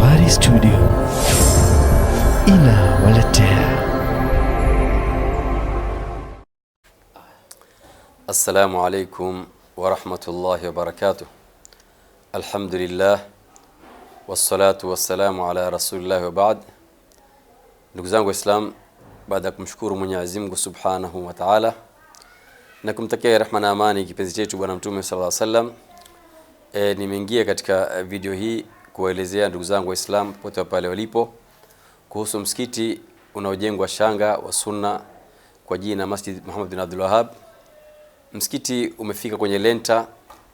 Safari Studio inawaletea. Assalamu alaikum warahmatullahi wabarakatuh. Alhamdulillah wassalatu wassalamu ala rasulillahi wa Ndugu zangu Waislamu, baada ya kumshukuru Mwenyezi Mungu subhanahu wa taala na kumtakia rehma na amani kipenzi chetu Bwana Mtume sallallahu alaihi wasallam, e, eh, nimeingia katika video hii kuwaelezea ndugu zangu Waislamu popote pale walipo kuhusu msikiti unaojengwa Shanga wa Sunna kwa jina Masjid Muhammad bin Abdul Wahhab. Msikiti umefika kwenye lenta,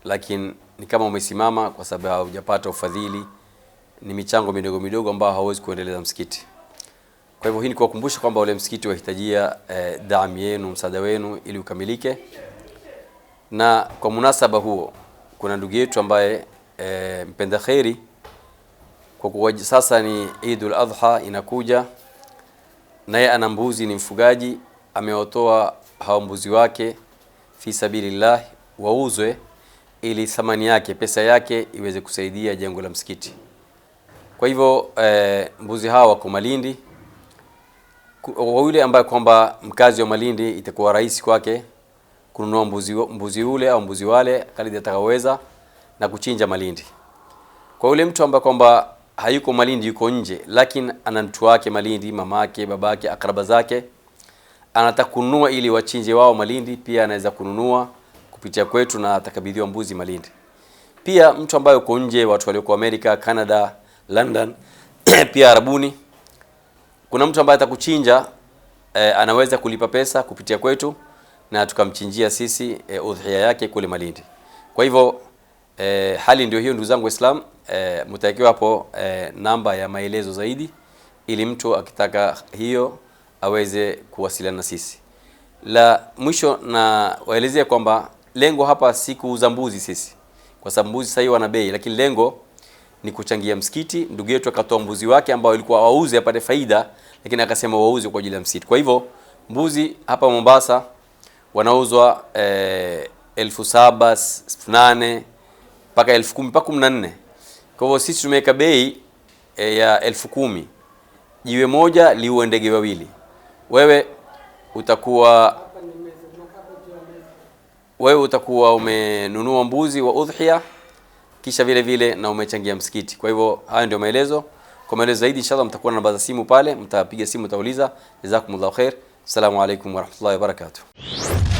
lakini ni kama umesimama kwa sababu haujapata ufadhili. Ni michango midogo midogo ambayo hauwezi kuendeleza msikiti. Kwa hivyo hii ni kuwakumbusha kwamba ule msikiti wahitajia eh, damu yenu, msaada wenu ili ukamilike. Na kwa munasaba huo kuna ndugu yetu ambaye eh, mpenda kheri kwa kuwa sasa ni Idul Adha inakuja, naye ana mbuzi, ni mfugaji, amewatoa hao mbuzi wake fi sabilillah wauzwe, ili thamani yake pesa yake iweze kusaidia jengo la msikiti. Kwa hivyo e, mbuzi hawa wako Malindi. Kwa yule ambaye kwamba mkazi wa Malindi, itakuwa rahisi kwake kununua mbuzi, mbuzi ule au mbuzi wale kadri atakaweza na kuchinja Malindi. Kwa yule mtu ambaye kwamba hayuko Malindi, yuko nje, lakini ana mtu wake Malindi, mamake, babake, akraba zake, anataka kununua ili wachinje wao Malindi. Pia anaweza kununua kupitia kwetu na atakabidhiwa mbuzi Malindi. Pia mtu ambaye uko nje, watu walioko Amerika, Canada, London pia Arabuni, kuna mtu ambaye atakuchinja eh, anaweza kulipa pesa kupitia kwetu na tukamchinjia sisi eh, udhia yake kule Malindi. Kwa hivyo E, hali ndio hiyo ndugu zangu Waislamu. E, eh, mtakiwa hapo e, namba ya maelezo zaidi, ili mtu akitaka hiyo aweze kuwasiliana na sisi. La mwisho na waelezea kwamba lengo hapa si kuuza mbuzi sisi, kwa sababu mbuzi sasa hivi wana bei, lakini lengo ni kuchangia msikiti. Ndugu yetu akatoa mbuzi wake ambao ilikuwa wauze apate faida, lakini akasema wauze kwa ajili ya msikiti. Kwa hivyo mbuzi hapa Mombasa wanauzwa elfu saba elfu nane mpaka elfu kumi mpaka kumi na nne. Kwa hivyo sisi tumeweka bei e, ya elfu kumi jiwe moja liue ndege wawili. Wewe utakuwa wewe utakuwa umenunua mbuzi wa udhhia kisha vile vile na umechangia msikiti. Kwa hivyo hayo ndio maelezo. Kwa maelezo zaidi, inshallah mtakuwa na namba za simu pale, mtapiga simu, mtauliza. Jazakumullahu khair. Assalamu alaikum warahmatullahi wabarakatuh.